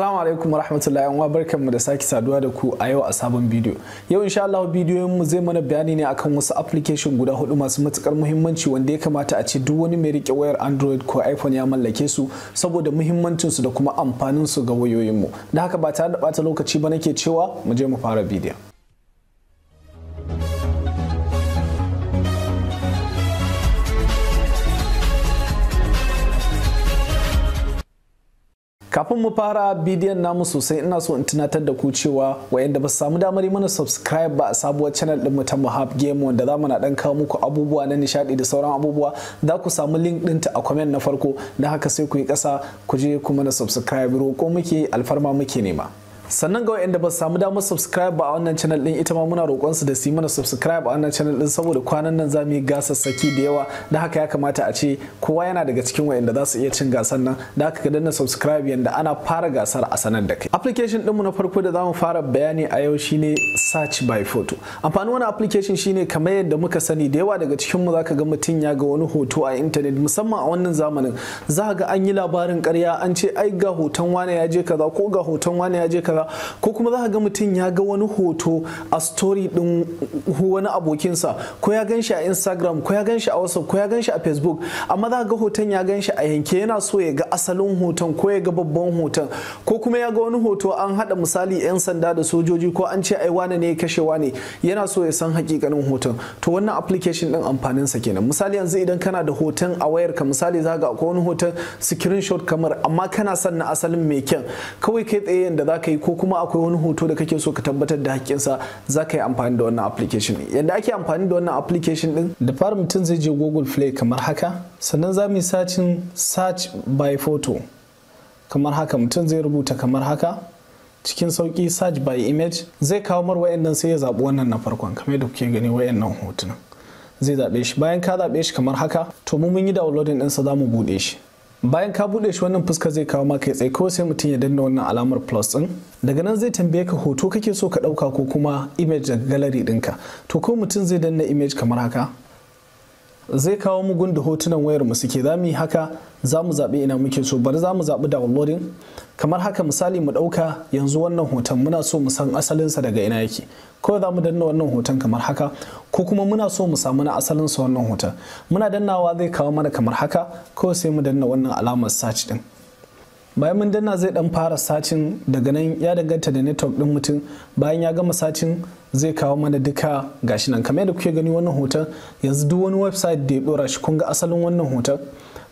Assalamu alaikum warahmatullahi wa barkanmu da sake saduwa da ku a yau a sabon bidiyo. Yau insha Allah bidiyoyin mu zai mana bayani ne akan wasu application guda hudu masu matukar muhimmanci wanda ya kamata a ce duk wani mai rike wayar Android ko iPhone ya mallake su saboda muhimmancin su da kuma amfanin su ga wayoyin mu. Da haka ba tare da bata lokaci ba nake cewa mu je mu fara bidiyon. kafin mu fara bidiyon namu sosai ina so in tunatar da ku cewa wayanda ba su samu damar yi mana subscribe ba a sabuwar channel din mu ta Muhab Game wanda za mu na dan kawo muku abubuwa na nishadi da sauran abubuwa za ku samu link din ta a comment na farko da haka sai ku yi kasa ku je ku mana subscribe roƙo muke alfarma muke nema sannan ga wayanda ba su samu damar subscribe ba a wannan channel din ita ma muna roƙon su da su mana subscribe a wannan channel din saboda kwanan nan za mu yi gasassaki da yawa da haka ya kamata a ce kowa yana daga cikin wayanda za su iya cin gasar nan da haka ka danna subscribe yanda ana fara gasar a sanar da kai application din mu na farko da za mu fara bayani a yau shine search by photo amfanin wannan application shine kamar yadda muka sani da yawa daga cikin mu zaka ga mutum ya ga wani hoto a internet musamman a wannan zamanin za ga an yi labarin ƙarya an ce ai ga hoton wane ya je kaza ko ga hoton wane ya je kaza ba ko kuma za ka ga mutum ya ga wani hoto a story din wani abokinsa ko ya gan a instagram ko ya gan a whatsapp ko ya ganshi a facebook amma za ka ga hoton ya gan shi a yanke yana so ya ga asalin hoton ko ya ga babban hoton ko kuma ya ga wani hoto an haɗa misali 'yan sanda da sojoji ko an ce ai wane ne ya kashe wane yana so ya san hakikanin hoton to wannan application din amfanin sa kenan misali yanzu idan kana da hoton a wayar ka misali zaka akwai wani hoton screenshot kamar amma kana son na asalin mai kyan kawai kai tsaye yanda ka yi ko ko kuma akwai wani hoto da kake so ka tabbatar da haƙƙinsa za ka yi amfani da wannan application yadda ake amfani da wannan application din. da fara mutum zai je google play kamar haka sannan za mu yi sacin search by photo kamar haka mutum zai rubuta kamar haka cikin sauki search by image zai kawo mar wayannan sai ya zaɓi wannan na farkon kamar yadda kuke gani wayannan hotunan zai zaɓe shi bayan ka zaɓe shi kamar haka to mun yi downloading ɗinsa za mu buɗe shi bayan ka bude shi wannan fuska zai kawo maka tsaye kawai sai mutum ya danna wannan alamar plus din daga nan zai tambaye ka hoto kake so ka ɗauka ko kuma image daga gallery dinka to ko mutum zai danna image kamar haka zai kawo mu gun da hotunan wayar mu suke za mu yi haka za mu zaɓi ina muke so bari za mu zaɓi downloading kamar haka misali mu ɗauka yanzu wannan hoton muna so mu san asalinsa daga ina yake kawai za mu danna wannan hoton kamar haka ko kuma muna so mu samu na asalinsa wannan hoton muna dannawa zai kawo mana kamar haka kawai sai mu danna wannan alamar search din bayan mun danna zai dan fara sacin daga nan ya danganta da network din mutum bayan ya gama sacin zai kawo mana duka gashi nan kamar yadda kuke gani wannan hoton yanzu duk wani website da ya dora shi kun ga asalin wannan hoton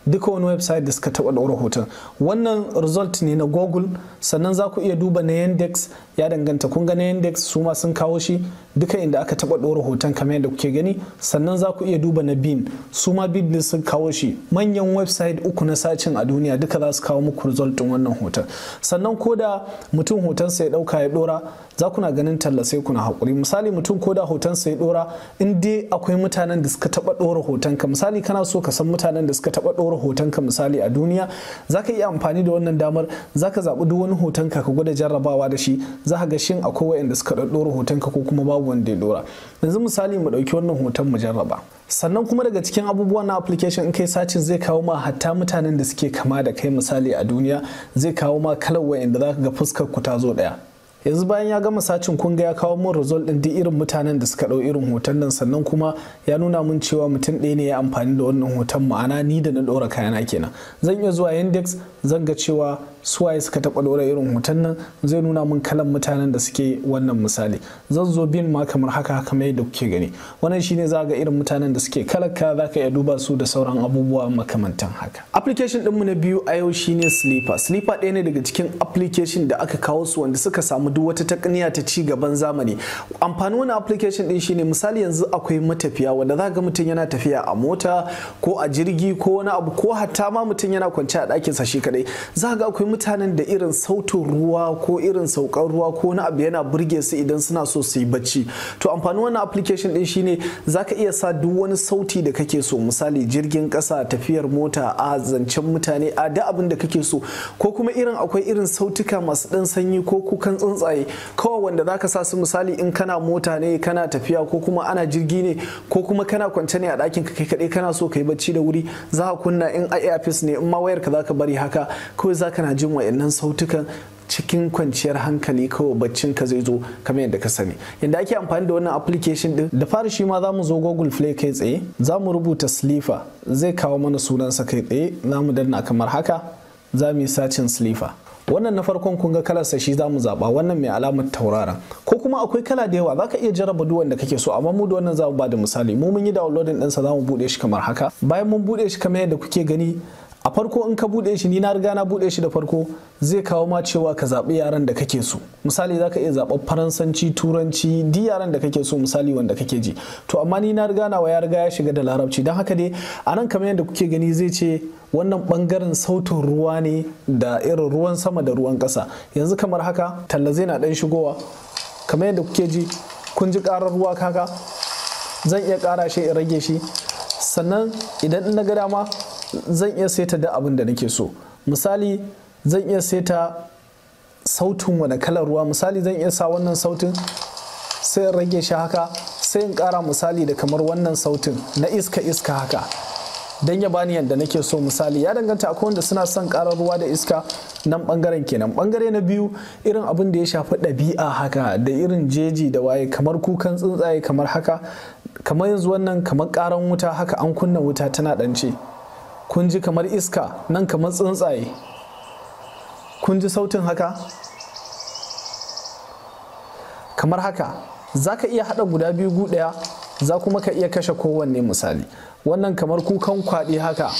duka wani website da suka taɓa dora hoton wannan result ne na google sannan za ku iya duba na yandex ya danganta kun gane index su ma sun kawo shi duka inda aka taba ɗora hoton kamar yadda kuke gani sannan za ku iya duba na bin su ma bin din sun kawo shi manyan website uku na sacin a duniya duka za su kawo muku result din wannan hoton sannan ko da mutum hotonsa ya ɗauka ya ɗora za ku na ganin talla sai na haƙuri misali mutum ko da hotonsa ya ɗora in dai akwai mutanen da suka taba ɗora hotonka misali kana so ka san mutanen da suka taba ɗora ka misali a duniya za ka iya amfani da wannan damar za ka zaɓi duk wani hotonka ka gwada jarrabawa da shi za ka ga shin akwai wa'anda suka hoton ka ko kuma babu wanda ya ɗora yanzu misali mu ɗauki wannan hoton mu jarraba sannan kuma daga cikin abubuwan na application in kai sacin zai kawo ma hatta mutanen da suke kama da kai misali a duniya zai kawo ma kalar wa'anda za ka ga fuskar ku ta zo ɗaya yanzu bayan ya gama sacin kun ga ya kawo mun result din duk irin mutanen da suka ɗau irin hoton nan sannan kuma ya nuna mun cewa mutum ɗaya ne ya amfani da wannan hoton ma'ana ni da na ɗora kayana kenan zan iya zuwa index zan ga cewa suwaye suka taɓa ɗora irin hoton nan zai nuna mun kalan mutanen da suke wannan misali zan zo bin ma kamar haka mai da kuke gani wannan shine za ga irin mutanen da suke kalaka za ka iya duba su da sauran abubuwa makamantan haka application ɗinmu na biyu a yau shine sleeper sleeper ɗaya ne daga cikin application da aka kawo su wanda suka samu duk wata takniya ta ci gaban zamani amfani wannan application ɗin shine misali yanzu akwai matafiya wanda za ga mutum yana tafiya a mota ko a jirgi ko wani abu ko hatta ma mutum yana kwance a ɗakinsa shi kadai za ga akwai mutanen da irin sautin ruwa ko irin saukan ruwa ko wani abu yana burge su idan suna so su yi bacci to amfanin wannan application din shine ka iya sa duk wani sauti da kake so misali jirgin kasa tafiyar mota a zancen mutane a da abin da kake so ko kuma irin akwai irin sautuka masu dan sanyi ko kukan tsuntsaye kawai wanda zaka sa su misali in kana mota ne kana tafiya ko kuma ana jirgi ne ko kuma kana kwance ne a ɗakin ka kai kaɗai kana so ka yi bacci da wuri za ka kunna in a ne in ma wayar ka zaka bari haka kawai ka na jin wayannan sautukan cikin kwanciyar hankali kawai baccin ka zai zo kamar yadda ka sani yadda ake amfani da wannan application din da fara shi ma za mu zo google play kai tsaye za mu rubuta sleeper zai kawo mana sunansa kai tsaye za mu danna kamar haka za mu yi sacin sleeper wannan na farkon kun ga kalarsa shi za mu zaɓa wannan mai alamar tauraron ko kuma akwai kala da yawa za ka iya jarraba duk wanda kake so amma mu da wannan za mu ba da misali mu mun yi downloading ɗinsa za mu buɗe shi kamar haka bayan mun buɗe shi kamar yadda kuke gani a farko in ka bude shi ni na riga na bude shi da farko zai kawo ma cewa ka zaɓi yaran da kake so misali za ka iya zaɓar faransanci turanci di yaran da kake so misali wanda kake ji to amma ni na riga na wa ya riga ya shiga da larabci don haka dai a nan kamar yadda kuke gani zai ce wannan bangaren sautin ruwa ne da irin ruwan sama da ruwan ƙasa yanzu kamar haka talla zai na ɗan shigowa kamar yadda kuke ji kun ji ƙarar ruwa kaka zan iya ƙara shi in rage shi sannan idan na ga dama zan iya saita da abin da nake so misali zan iya saita sautin wani kalar ruwa misali zan iya sa wannan sautin sai in rage shi haka sai in ƙara misali da kamar wannan sautin na iska iska haka don ya bani yadda nake so misali ya danganta akwai wanda suna son karar ruwa da iska nan bangaren kenan bangare na biyu irin abin da ya shafi ɗabi'a haka da irin jeji da waye kamar kukan tsuntsaye kamar haka kamar yanzu wannan kamar karan wuta haka an kunna wuta tana ɗance kun ji kamar iska nan kamar tsuntsaye kun ji sautin haka kamar haka za ka iya haɗa guda biyu gu ɗaya za kuma ka iya kashe kowanne misali wannan kamar kukan kwaɗe haka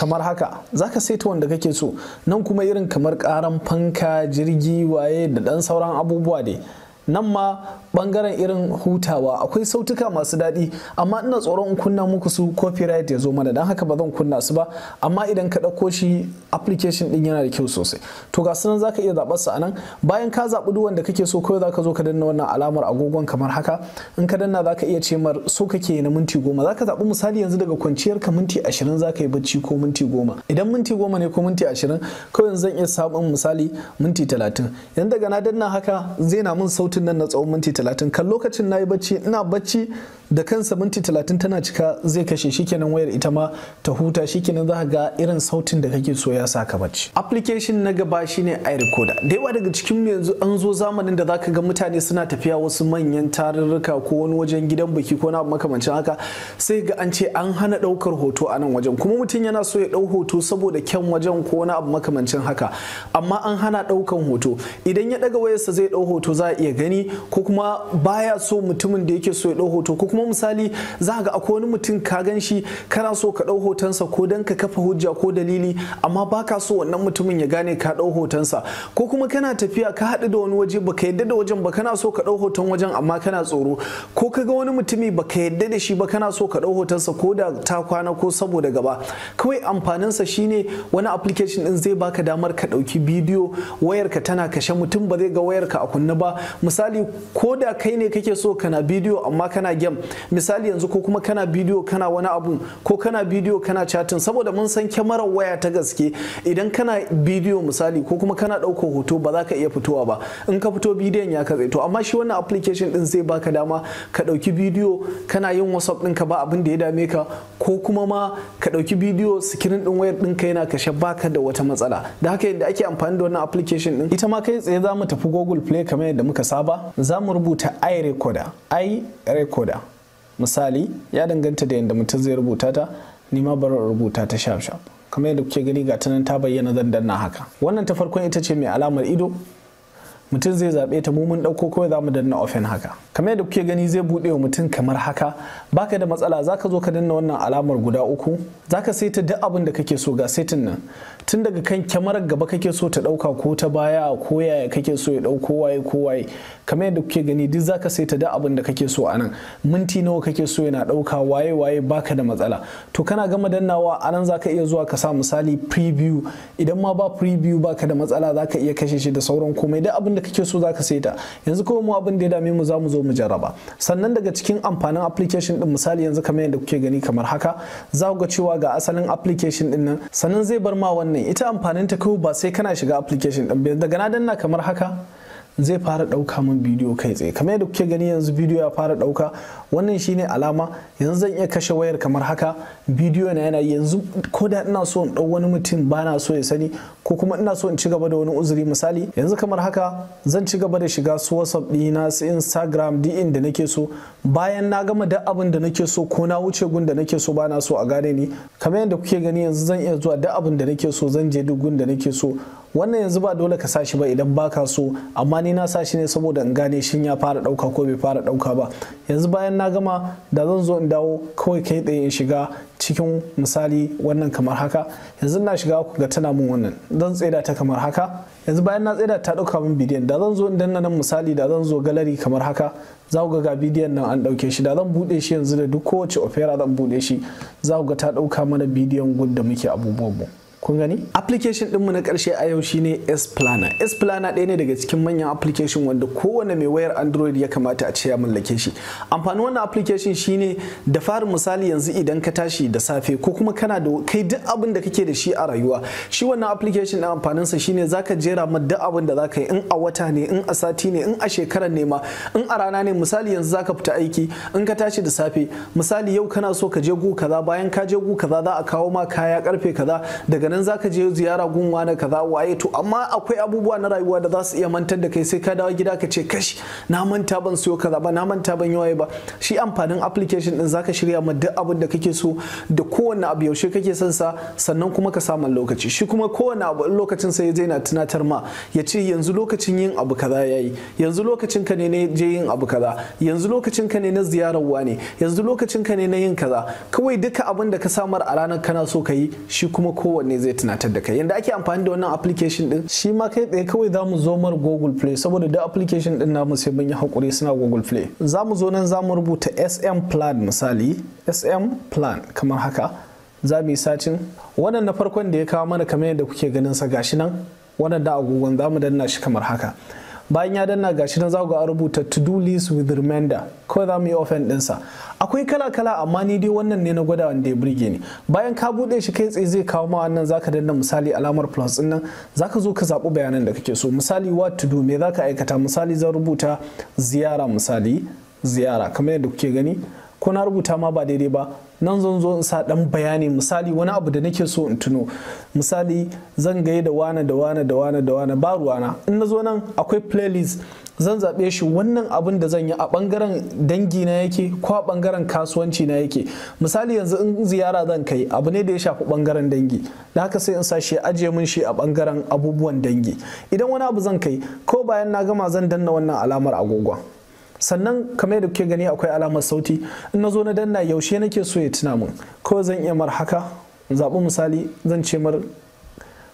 kamar haka za ka saita wanda kake so nan kuma irin kamar ƙaran fanka jirgi waye da ɗan sauran abubuwa dai nan ma bangaren irin hutawa akwai sautuka masu daɗi amma ina tsoron in kunna muku su copyright ya zo mana don haka ba zan kunna su ba amma idan ka ɗauko shi application ɗin yana da kyau sosai to ga sunan zaka iya zaɓar sa anan bayan ka zaɓi duk wanda kake so kawai zaka zo ka danna wannan alamar agogon kamar haka in ka danna zaka iya ce mar so kake na minti goma zaka zaɓi misali yanzu daga kwanciyar ka minti ashirin zaka yi bacci ko minti goma idan minti goma ne ko minti ashirin kawai zan iya samun misali minti talatin yanzu daga na danna haka zai na min sauti mutum nan na tsawon minti talatin kan lokacin na yi bacci ina bacci da kansa minti talatin tana cika zai kashe shikenan wayar ita ma ta huta shikenan za ga irin sautin da kake so ya saka bacci application na gaba shine recorder da yawa daga cikin yanzu an zo zamanin da zaka ga mutane suna tafiya wasu manyan tarurruka ko wani wajen gidan biki ko na makamancin haka sai ga an ce an hana daukar hoto a nan wajen kuma mutum yana so ya dau hoto saboda kyan wajen ko wani abu makamancin haka amma an hana daukan hoto idan ya daga wayarsa zai dau hoto za a iya gani ko kuma baya so mutumin da yake so ya ɗau hoto ko kuma misali za ga akwai wani mutum ka gan shi kana so ka ɗau hotonsa ko dan ka kafa hujja ko dalili amma baka so wannan mutumin ya gane ka ɗau hotonsa ko kuma kana tafiya ka haɗu da wani waje baka yadda da wajen ba kana so ka ɗau hoton wajen amma kana tsoro ko ka ga wani mutumi baka yadda da shi ba kana so ka ɗau hotonsa ko da ta kwana ko saboda gaba kawai amfaninsa shine wani application ɗin zai baka damar ka ɗauki bidiyo wayarka tana kashe mutum ba zai ga wayarka a kunne ba misali ko da kai ne kake so kana bidiyo amma kana gem misali yanzu ko kuma kana bidiyo kana wani abu ko kana bidiyo kana chatting saboda mun san kyamarar waya ta gaske idan kana bidiyo misali ko kuma kana ɗaukar hoto ba za ka iya fitowa ba in ka fito bidiyon ya katse to amma shi wannan application din zai baka dama ka ɗauki bidiyo kana yin whatsapp din ka ba abin da ya dame ka ko kuma ma ka ɗauki bidiyo sikirin ɗin wayar din ka yana kashe baka da wata matsala da haka yadda ake amfani da wannan application din. ita ma kai tsaye za mu tafi google play kamar yadda muka saba ba za mu rubuta i recorder i recorder misali ya danganta da yadda mutum zai rubuta ta ni ma bar rubuta ta sharp sharp kamar yadda kuke gani ga tanan ta bayyana zan danna haka wannan ta farkon ita ce mai alamar ido mutum zai zaɓe ta mu mun ɗauko kawai za mu danna ofen haka kamar yadda kuke gani zai buɗe wa mutum kamar haka baka da matsala zaka zo ka danna wannan alamar guda uku zaka saita duk abin da kake so ga setin nan tun daga kan kyamarar gaba kake so ta ɗauka ko ta baya ko yaya kake so ya ɗauko waye ko waye kamar yadda kuke gani duk zaka saita duk abin da kake so anan minti nawa kake so yana ɗauka waye waye baka da matsala to kana gama dannawa anan za zaka iya zuwa ka sa misali preview idan ma ba preview baka da matsala zaka iya kashe shi da sauran komai duk abin da kake so zaka sai ta yanzu kuma mu abin da ya dame mu za mu zo mu jaraba sannan daga cikin amfanin application din misali yanzu kamar yadda kuke gani kamar haka za ku ga cewa ga asalin application din nan sannan zai bar ma wannan ita amfanin ta kawai ba sai kana shiga application din daga na danna kamar haka zai fara ɗauka min bidiyo kai tsaye kamar yadda kuke gani yanzu bidiyo ya fara ɗauka wannan shine alama yanzu zan iya kashe wayar kamar haka bidiyo na yana yanzu ko da ina so in ɗau wani mutum ba na so ya sani ko kuma ina so in ci gaba da wani uzuri misali yanzu kamar haka zan ci gaba da shiga su whatsapp ɗina su instagram din da nake so bayan na gama duk abin da nake so ko na wuce gun da nake so ba na so a gane ni kamar yadda kuke gani yanzu zan iya zuwa duk abin da nake so zan je duk gun da nake so wannan yanzu ba dole ka sashi ba idan baka so amma ni na sashi ne saboda in gane shin ya fara dauka ko bai fara dauka ba yanzu bayan na gama da zan zo in dawo kawai kai tsaye in shiga cikin misali wannan kamar haka yanzu na shiga ku ga tana mun wannan zan tsaida ta kamar haka yanzu bayan na tsaida ta dauka min bidiyon da zan zo in danna nan misali da zan zo galeri kamar haka za ku ga ga bidiyon nan an dauke shi da zan bude shi yanzu da duk kowace opera zan bude shi za ku ga ta dauka mana bidiyon gud da muke abubuwan mu kun gani application mu na ƙarshe a yau shine s planner s planner ɗaya ne daga cikin manyan application wanda kowane mai wayar android ya kamata a ce ya mallake shi amfanin wannan application shine da fari misali yanzu idan ka tashi da safe ko kuma kana da kai duk abin da kake da shi a rayuwa shi wannan application ɗin sa shine zaka jera ma duk abin da zaka yi in a wata ne in a sati ne in a shekarar ne ma in a rana ne misali yanzu zaka fita aiki in ka tashi da safe misali yau kana so ka je gu kaza bayan ka je gu kaza za a kawo ma kaya karfe kaza daga za ka je ziyara gunwa na kaza waye to amma akwai abubuwa na rayuwa da za su iya mantar da kai sai ka dawo gida ka ce kash na manta ban siyo kaza ba na manta ban yi waye ba shi amfanin application din zaka shirya ma duk abin da kake so da kowanne abu yaushe kake son sa sannan kuma ka samu lokaci shi kuma kowanne abu lokacin sai zai na tunatar ma ya ce yanzu lokacin yin abu kaza yayi yanzu lokacin ka ne na je yin abu kaza yanzu lokacin ka ne na ziyarar wane yanzu lokacin ka ne na yin kaza kawai duka abin da ka samar a ranar kana so ka yi shi kuma kowanne zai tunatar da kai yanda ake amfani da wannan application din shi ma kai tsaye kawai za mu zo mar google play saboda da application din namu sai mun yi hakuri suna google play za mu zo nan za mu rubuta sm plan misali sm plan kamar haka za mu yi sacin wannan na farkon da ya kawo mana kamar yadda kuke ganin sa gashi nan wannan da agogon za mu danna shi kamar haka bayan ya danna gashi nan za ku ga rubuta to do list with remainder kawai za mu yi open ɗinsa akwai kala kala amma ni dai wannan ne na gwada wanda ya burge ni bayan ka buɗe shi kai tsaye zai kawo ma wannan zaka danna misali alamar plus ɗin nan zaka zo ka zaɓi bayanan da kake so misali what to do me zaka aikata misali zan rubuta ziyara misali ziyara kamar yadda kuke gani ko na rubuta ma ba daidai ba nan zan zo in sa dan bayani misali wani abu da nake so in tuno misali zan gaye da wane da wane da wane da wane ba ruwana in na zo nan akwai playlist zan zaɓe shi wannan abin da zan yi a ɓangaren dangi na yake ko a ɓangaren kasuwanci na yake misali yanzu in ziyara zan kai abu ne da ya shafi ɓangaren dangi da haka sai in sa shi ajiye min shi a ɓangaren abubuwan dangi idan wani abu zan kai ko bayan na gama zan danna wannan alamar agogon sannan kamar yadda kuke gani akwai alamar sauti in na zo na danna yaushe nake so ya tuna mun kawai zan iya mar haka zaɓi misali zan ce mar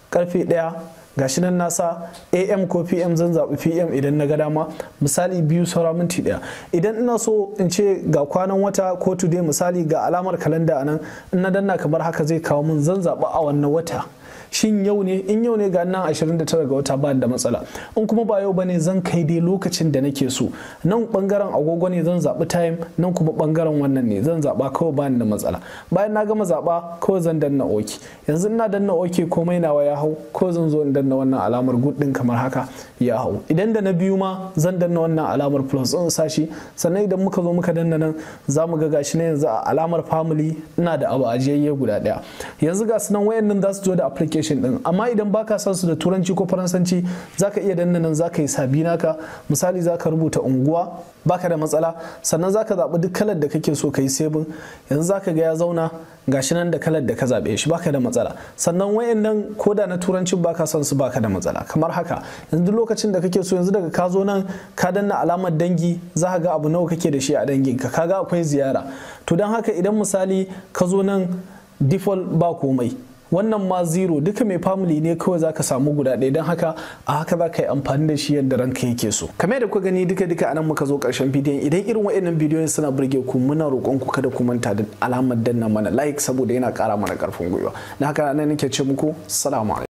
karfe ɗaya gashi nan sa am ko pm zan zaɓi pm idan na ga dama misali biyu saura minti ɗaya idan ina so in ce ga kwanan wata ko today misali ga alamar kalanda a nan in na danna kamar haka zai kawo min zan zaɓi a wannan wata shin yau ne in yau ne ga nan 29 ga wata ba da matsala in kuma ba yau bane zan kai dai lokacin da nake so nan bangaren agogo ne zan zaɓi time nan kuma bangaren wannan ne zan zaɓa kawai ba da matsala bayan na gama zaɓa kawai zan danna oke yanzu ina danna oke komai nawa ya hau ko zan zo in danna wannan alamar gud din kamar haka ya hau idan da na biyu ma zan danna wannan alamar plus in sashi sannan idan muka zo muka danna nan za mu ga gashi na yanzu a alamar family ina da abu ajiyayye guda daya yanzu ga sunan wayannan za su zo da application din amma idan baka san su da turanci ko faransanci zaka iya danna nan zaka yi sabi naka misali zaka rubuta unguwa baka da matsala sannan zaka zaɓi duk kalar da kake so ka yi sebin yanzu zaka ga ya zauna gashi nan da kalar da ka zaɓe shi baka da matsala sannan wayannan da na turancin baka son su baka da matsala kamar haka yanzu duk lokacin da kake so yanzu daga ka zo nan ka danna alamar dangi za ga abu nawa kake da shi a dangin ka kaga akwai ziyara to don haka idan misali ka zo nan default ba komai wannan ma zero duka mai family ne kawai zaka samu guda ɗaya don haka a haka za ka yi amfani da shi yadda ranka yake so kamar da ku gani duka duka anan muka zo karshen bidiyon idan irin wa'annan bidiyon suna burge ku muna roƙon ku kada ku manta da alamar danna mana like saboda yana ƙara mana ƙarfin gwiwa na haka nan nake ce muku salamu